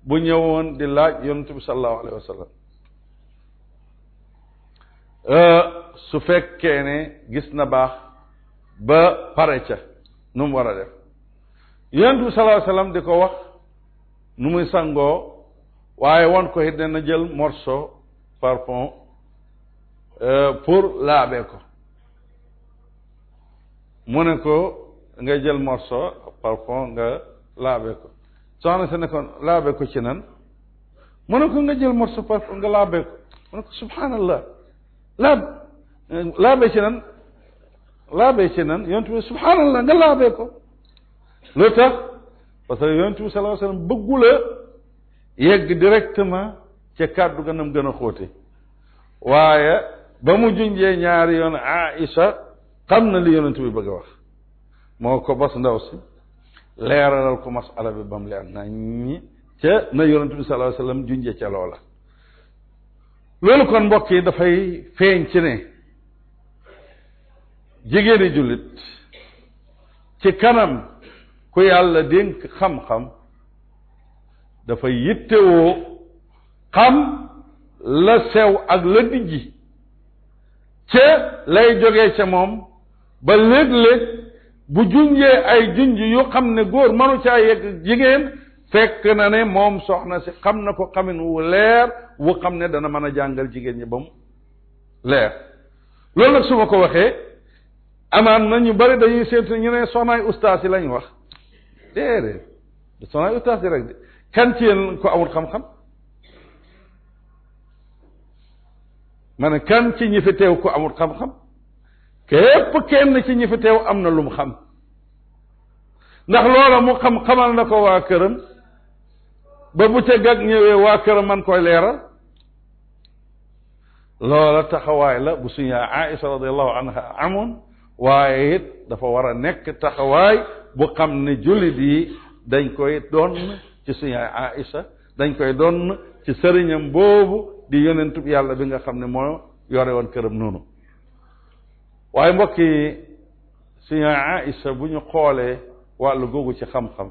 bu ñëwoon di laaj yonent bi sallallahu alayhi euh, su fekkee ne gis na baax ba pare ca nu mu war a def yonent bi sallallahu di ko wax nu muy sangoo waaye wan ko it ne na jël morceau parfum euh, pour laabee ko mu ne ko nga jël morceau parfum nga laabee ko soxna sa ne ko laabe ko ci nan mu ko nga jël morceau subhaanallah laab laabe ci nan laabe ci subhaanallah nga laabe ko lu tax parce que yontu bi sallallahu alayhi wasallam bëggula yegg directement ca kàddu ganam gën a xóote waaye ba mu junjee ñaari yoon Aïcha xam na li yonent bi bëgg a wax moo ko bas ndaw si leeralal ko masala bi ba mu leer na ca na yonente bi sallallahu alayhi wasallam ca loola loolu kon mbokk yi dafay feeñ ci ne jigéeni jullit ci kanam ku yàlla dénk xam-xam dafay yittewoo xam la sew ak la dijji ca lay jógee ca moom ba léeg-léeg bu junjee ay junj yu xam ne góor mënu caa yegg jigéen fekk na ne moom soxna si xam na ko xamin wu leer wu xam ne dana mën a jàngal jigéen ñi ba mu leer loolu nag su ko waxee amaan na ñu bari dañuy séentu ñu ne soxnaay ustaas yi lañ wax déedéet soxnaay ustaas yi rek de kan ci yéen ko amul xam-xam ma ne kan ci ñi fi teew ko amul xam-xam képp kenn ci ñi fi teew am na lum xam ndax loola mu xam xamal na ko waa këram ba bu ca gag ñëwee waa këram man koy leeral loola taxawaay la bu suñu Aïsa radiallahu anha amoon waaye it dafa war a nekk taxawaay bu xam ne jullit yi dañ koy doon ci suñu Aïsa dañ koy doon ci sëriñam boobu di yonentub yàlla bi nga xam ne moo yore woon këram noonu waaye mbokk yi suñu Aïsa bu ñu xoolee wàll googu ci xam-xam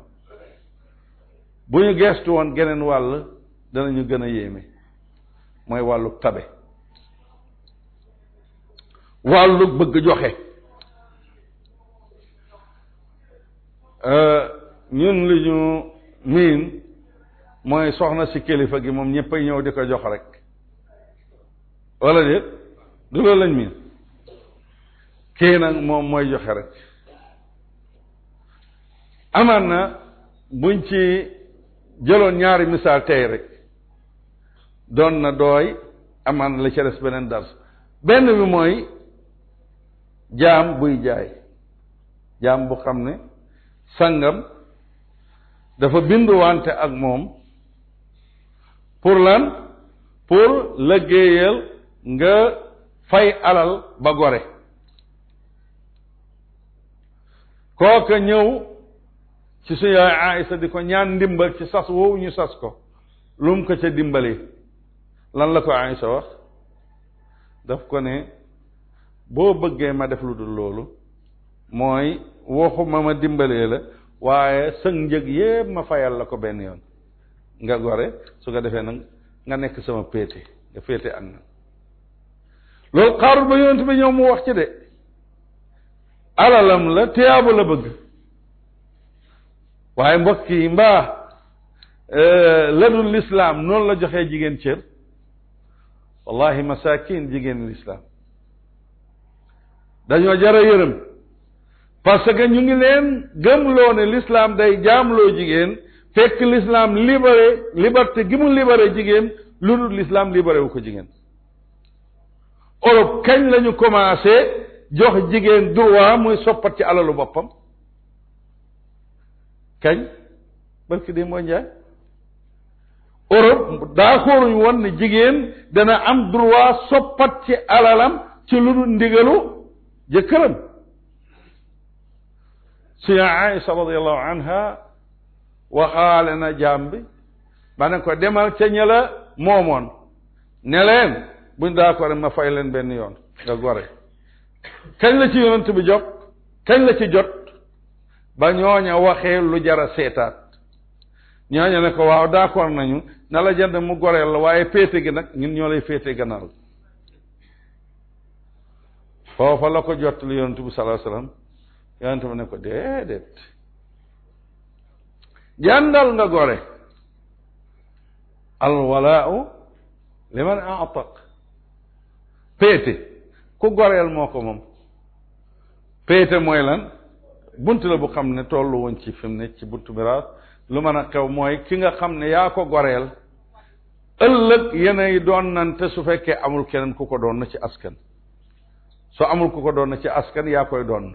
bu ñu geestu woon geneen wàll danañu gën a yéeme mooy wàllu tabe wàllu bëgg joxe euh, ñun li miin mooy soxna si kilifa gi moom ñëppay ñëw di ko jox rek wala déet du loolu lañ miin kii nag moom mooy joxe rek amaan na buñ ci jëloon ñaari misaal tey rek doon na dooy amaan na la ca des beneen dars benn bi mooy jaam buy jaay jaam bu xam ne sangam dafa bindu wante ak moom pour lan pour liggéeyal nga fay alal ba gore kooka ñëw ci suñu yaay Aïsa di ko ñaan ndimbal ci sas woowu ñu sas ko lu mu ko ca dimbali lan la ko Aïsa wax daf ko ne boo bëggee ma def lu dul loolu mooy waxuma ma dimbalee la waaye sëg njëg yépp ma fayal la ko benn yoon nga gore su ko defee nag nga nekk sama péete nga féete ak nag loolu xaarul ba yonent bi ñëw mu wax ci de alalam la tiyaabu la bëgg waaye mbokk yi mbaa eh, la dul lislaam noonu la joxee jigéen cër wallahi masakin jigéen lislaam dañoo jara yërëm parce que ñu ngi leen gëmloo ne lislaam day jaamloo jigéen fekk lislaam libéré liberté gi mu libéré jigéen lu du lislaam libéré wu ko jigéen Europe kañ lañu commencé jox jigéen droit muy soppat ci alalu boppam kañ barki de mooy njaay daa xóoruñ woon ne jigéen dana am droit soppat ci alalam ci lu dul ndigalu jëkkëram suñu Aïsa radiallahu anha waxaale na jaam bi ma ko demal ca ña la moomoon ne leen buñ daa ko ma fay leen benn yoon gore kañ la ci yonent bi jot kañ la ci jot ba ñooña waxee lu jara a seetaat ñooña ne ko waaw d'accord nañu na la jënd mu goreel la waaye féete gi nag ñun ñoo lay féete gannaaw foofa la ko jot lu yonent bi sallallahu alayhi wasallam yonent bi ne ko déedéet jàndal nga gore alwalaau liman aataq péete ku goreel moo ko moom péete mooy lan bunt la bu xam ne tollu woon ci fi ne ci buntu miraas lu mën a xew mooy ki nga xam ne yaa ko goreel ëllëg yenay doon nante su fekkee amul keneen ku ko doon na ci askan soo amul ku ko doon na ci askan yaa koy doon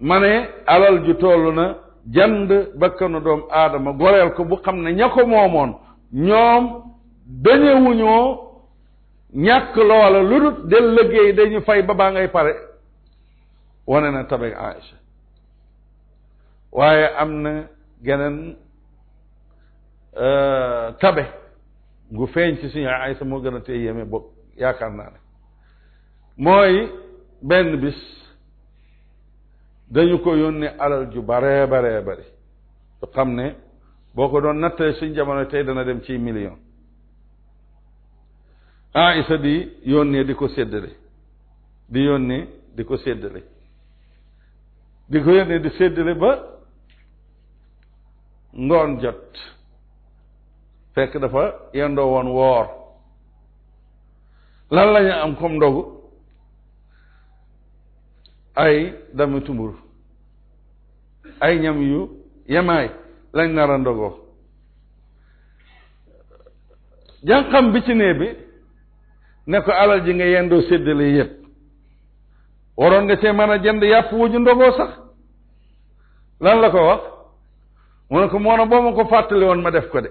ma ne alal ju toll na jand bakkanu doomu aadama goreel ko bu xam ne ña ko moomoon ñoom dañewuñoo ñàkk loola lu dul del liggéey dañu fay ba baa ngay pare wane na tabe Aïcha waaye am na geneen euh, tabe gu feeñ ci suñu Aïcha moo gën a tey yéeme boog yaakaar naa ne mooy benn bis dañu ko yónnee alal ju baree bare bari su xam ne boo ko doon nattale suñ jamono tey dana dem ci million Aïsa di yónnee di ko séddale di yónnee di ko séddale di ko yónnee di séddale ba ngoon jot fekk dafa yendoo woon woor lan lañu am comme ndogu ay dami tumbur ay ñam yu yemaay lañ nar ndogoo jànqam bi ci nee bi ne ko alal ji nga yendoo séddale yépp waroon nga see mën a jënd yàpp wu ñu sax lan la ko wax mu ne ko moo na boo ma ko fàttali woon ma def ko de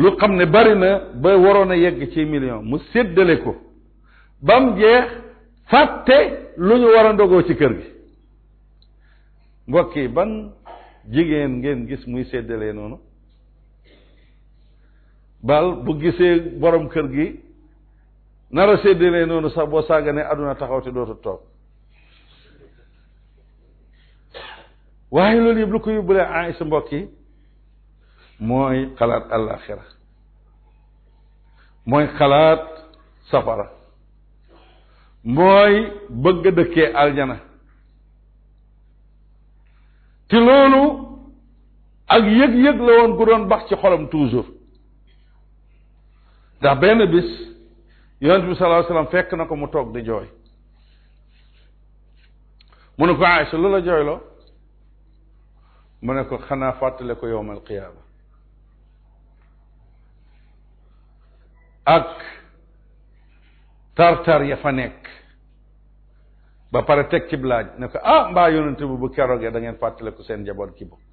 lu xam ne bari na ba waroon a yegg ci million mu séddale ko bam jeex fàtte lu ñu war a ndogoo ci kër gi mbokk yi ban jigéen ngeen gis muy séddalee noonu bal bu gisee borom kër gi nar a séddalee noonu sax boo sàgganee àdduna taxaw te dootu toog waaye loolu yëpp lu ko yóbbulee Aïssa mbokk yi mooy xalaat àllaaxira mooy xalaat safara mooy bëgg a dëkkee aljana te loolu ak yëg-yëg la woon gu doon bax ci xolam toujours ndax benn bis yonent bi sallallahu alayhi fekk na ko mu toog di jooy mu ne ko Aïcha lu la jooyloo mu ne ko xanaa fàttale ko yowmal qiyaama ak tartar ya fa nekk ba pare teg cib laaj ne ko ah mbaa yonente bu bu keroogee da ngeen fàttale ko seen njaboot ki bokk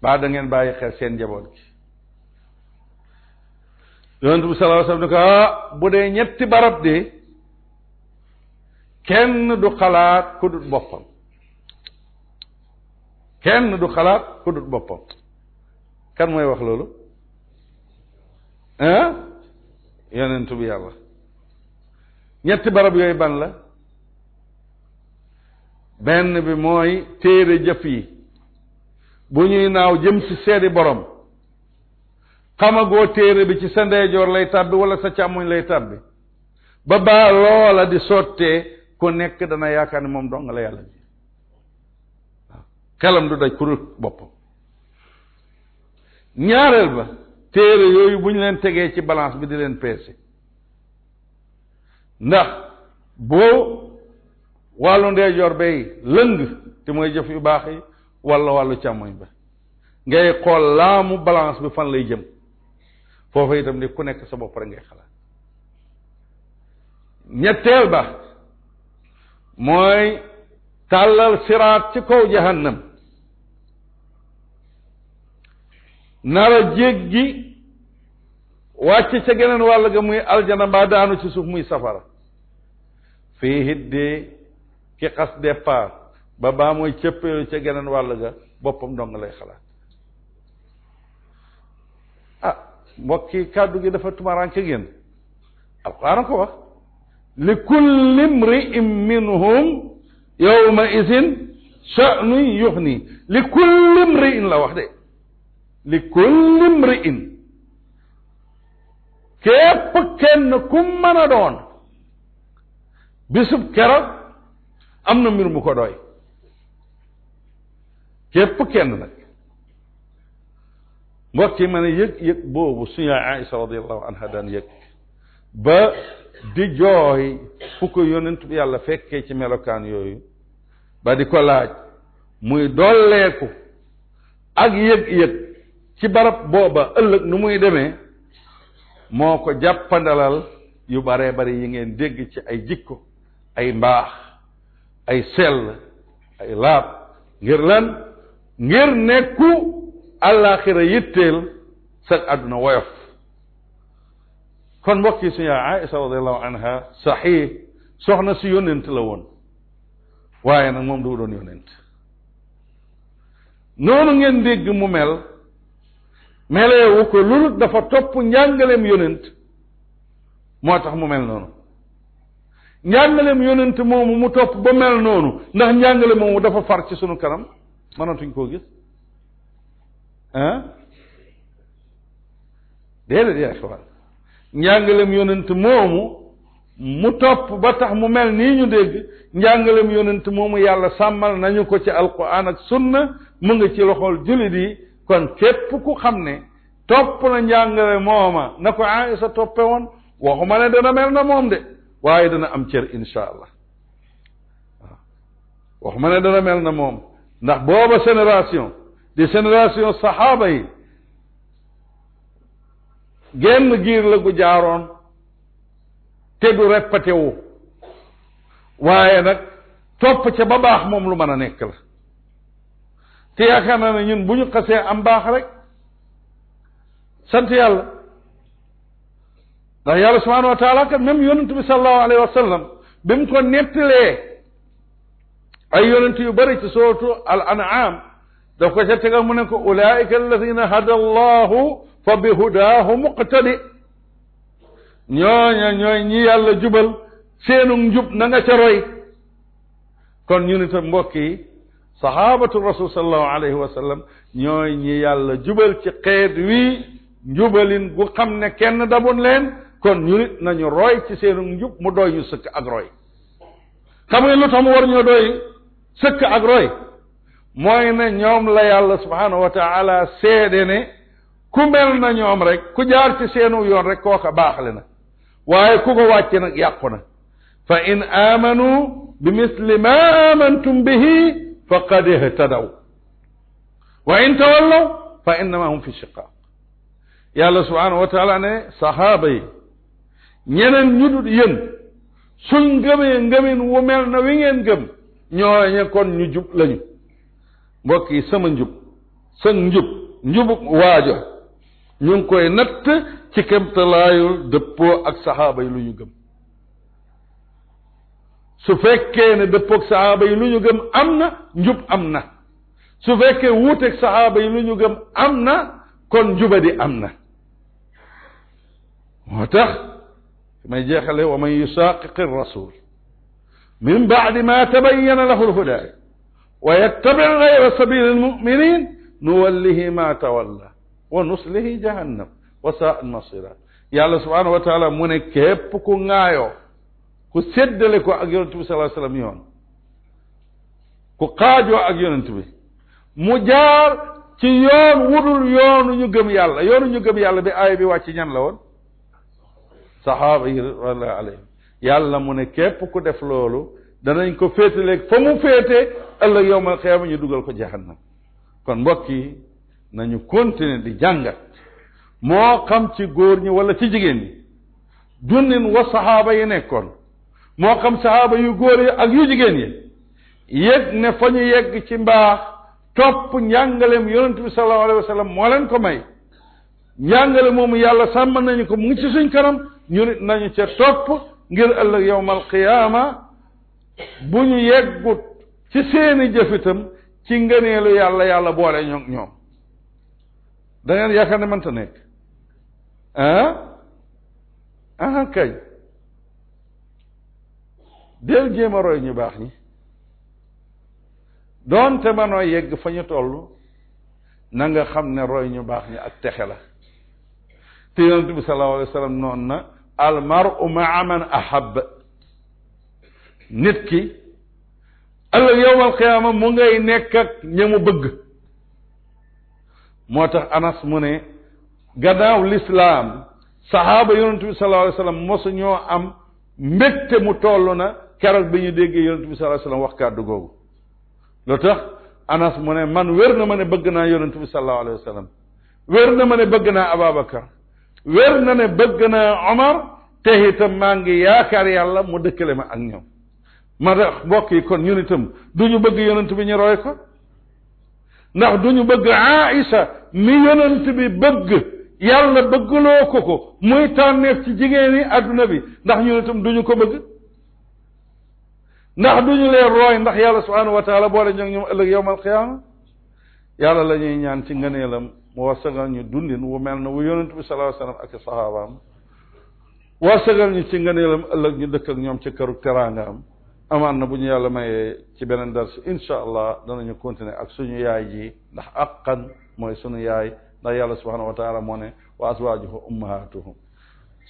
mbaa da ngeen bàyyi xel seen njaboot gi yonent bi sallallahu alayhi wasallam ah, bu dee ñetti barab de kenn du xalaat ku dut boppam kenn du xalaat ku boppam kan mooy wax loolu ah yonent bi yàlla ñetti barab yooyu ban la benn bi mooy téere jëf yi bu ñuy naaw jëm ci seedi borom xamagoo téere bi ci sa ndeyjoor lay tàbbi wala sa càmmoñ lay tàbbi ba baa loola di sottee ku nekk dana yaakaar ni moom dong la yàlla ji waaw xelam du daj kurut boppam ñaareel ba téere yooyu bu ñu leen tegee ci balance bi di leen peese ndax boo wàllu ndeyjoor bay lëng te mooy jëf yu baax yi walla wàllu càmmoñ ba ngay xool laamu balance bi fan lay jëm foofa itam ni ku nekk sa bopp rek ngay xalaat ñetteel ba mooy tàllal siraat ci kaw jahannam nara jéggi wàcc ca geneen wàll ga muy aljana mbaa daanu ci suuf muy safara fii hiddee ki xas départ ba baa mooy cëppeelu ca geneen wàll ga boppam dong lay xalaat ah mbokki kàddu gi dafa tumaranke génn alquran ko wax li kulli minhum yawma idin yuxni li kulli la wax de li kulli mri'in képp kenn ku mën doon bisub keroog am na mbir mu ko doy képp kenn nag mbokk yi ma ne yëg-yëg boobu suñu yaay Aïsa radiallahu anha daan yëg ba di jooy fu ko yonent bi yàlla fekkee ci melokaan yooyu ba di ko laaj muy dolleeku ak yëg-yëg ci barab booba ëllëg nu muy demee moo ko jàppandalal yu baree bari yi ngeen dégg ci ay jikko ay mbaax ay sell ay laab ngir lan ngir nekku àllaaxira yitteel sag àdduna woyof kon mbokk yi suñu Aïsa radiallahu anha saxiix soxna si yónent la woon waaye nag moom du doon yónent noonu ngeen dégg mu mel meleewu ko loolu dafa topp njàngaleem yónent moo tax mu mel noonu njàngaleem yónent moomu mu topp ba mel noonu ndax njàngale moomu dafa far ci sunu kanam mënatuñ koo gis ah déedéet yaa xabaar njàngalem yonent moomu mu topp ba tax mu mel nii ñu dégg njàngalem yonent moomu yàlla sàmmal nañu ko ci alquran ak sunna mu ngi ci loxol jullit yi kon képp ku xam ne topp na njàngale mooma na ko Aïsa toppe woon waxuma ne dana mel na moom de waaye dana am cër insha allah waaw waxuma ne dana mel na moom ndax booba génération seen relation saxaaba yi genn giir la gu jaaroon te du répété wu waaye nag topp ca ba baax moom lu mën a nekk la te naa ne ñun bu ñu xasee am baax rek sant yàlla ndax yàlla subhanahu wa taala kat même yonent bi sallallahu alayhi wa bi mu ko nettalee ay yonent yu bari ci sootu al daf ko ca tegal mu ne ko ulaika alladina hada allahu fa bi hudaahu muqtadi ñooña ñooy ñi yàlla jubal seenu njub na nga ca roy kon ñu ni tam mbokk yi sahabatu rasul sallallahu alayhi wa sallam ñooy ñi yàlla jubal ci xeet wii njubalin gu xam ne kenn dabun leen kon ñu nit nañu roy ci seenu njub mu doy ñu sëkk ak roy xam nga lu tax mu war ñoo doy sëkk ak roy mooy ne ñoom la yàlla subhaanahu wa taala ku mel na ñoom rek ku jaar ci seenu yoon rek kooka baaxle na waaye ku ko wàcce nag yàqu na fa in aamanu bi misli ma aamantum bihi faqad ihtadaw wa in tawallaw fa innama hum fi shiqaaq yàlla subhaanahu wa taala ne saxaaba yi ñu dul yéen suñ gëmee ngëmin wu mel na wi ngeen gëm ñooñe kon ñu jub lañu mbokk yi sama njub sa njub njubuk waaja ñu ngi koy natt ci kemtalaayul dëppoo ak saxaaba yi lu ñu gëm su fekkee ne dëppoog saxaaba yi lu ñu am na njub am na su fekkee wuuteeg saxaaba yi lu ñu am na kon njubadi am na ma tax may jeexale wa man yusaaqiqi rasul min baadi ma tabayyana lahu lhudaa wa yattabi' ghayra sabili almuminin nuwallihi ma tawalla wa nuslihi jahannam wa sa'at masira yàlla subhaanahu wa taala mu ne képp ku ŋaayoo ku séddale ko ak yonent bi sallallahu alayhi wasallam yoon ku xaajoo ak yonent bi mu jaar ci yoon wudul yoonu ñu gëm yàlla yoonu ñu gëm yàlla bi aaya bi wàcc ñan la woon saxaaba yi radiyallahu alayhim yàlla mu ne képp ku def loolu danañ ko féetaleeg fa mu féete ëllëg yow mal xiyaama ñu dugal ko jahannam kon mbokk yi nañu continuer di jàngat moo xam ci góor ñi wala ci jigéen ñi dundin wa saxaaba yi nekkoon moo xam saxaaba yu góor yi ak yu jigéen yi yëg ne fa ñu yegg ci mbaax topp njàngaleem yonent bi sallallahu alayhi wa moo leen ko may njàngale moom yàlla sàmm nañu ko mu ngi ci suñ kanam ñu nit nañu ca topp ngir ëllëg yowmal qiyaama bu ñu yeggut ci seeni jëf ci ngëneelu yàlla yàlla boole ñoom ñoom da ngeen ne mënta nekk ah ah kay del jéem roy ñu baax ñi doonte manoo yegg fa ñu tollu na nga xam ne roy ñu baax ñi ak texe la te yonente bi sallallahu alayhi wa sallam na al mar'u ma'a man ahab nit ki ëllëg yowmal xiyaama mu ngay nekk ak ña mu bëgg moo tax anas mu ne gannaaw lislaam saxaaba yonent bi sallallahu alayhi wasallam mosu ñoo am mbégte mu toll na keroog bi ñu déggee yonent bi sallallahu alayhi wasallam wax kàddu googu lu tax anas mu ne man wér na ma ne bëgg naa yonent bi sallallahu alayhi wasallam wér na ma ne bëgg naa Ababacar wér na ne bëgg naa Omar te itam maa ngi yaakaar yàlla mu dëkkale ma ak ñoom ma tax mbokk yi kon ñun itam du ñu bëgg yonent bi ñu roy ko ndax du ñu bëgg Aïsa mi yonent bi bëgg yàlla bëggloo ko ko muy tànneef ci jigéen yi adduna bi ndax ñu itam du ñu ko bëgg ndax du ñu leen roy ndax yàlla subhanahu wa taala boole ñoom ñoom ëllëg yowm alqiyaama yàlla lañuy ñaan ci ngëneelam mu wasagal ñu dundin wu mel na wu yonent bi sallallahu alayhi wasallam ak saxaabaam wasagal ñu ci ngëneelam ëllëg ñu dëkkak ñoom ci këru teraanga amaan na bu ñu yàlla mayee ci beneen dars incha allah danañu continuer ak suñu yaay ji ndax aqan mooy suñu yaay ndax yàlla subhanahu wa taala moo ne wa azwaajuhu ummahatuhum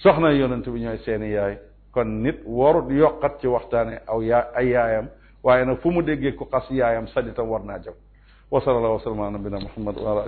soxna yonent bi ñooy seeni yaay kon nit warut yokkat ci waxtaane aw yaa ay yaayam waaye nag fu mu déggee ku xas yaayam saditam war naa jëm wa sallallahu wa sallam muhammad wa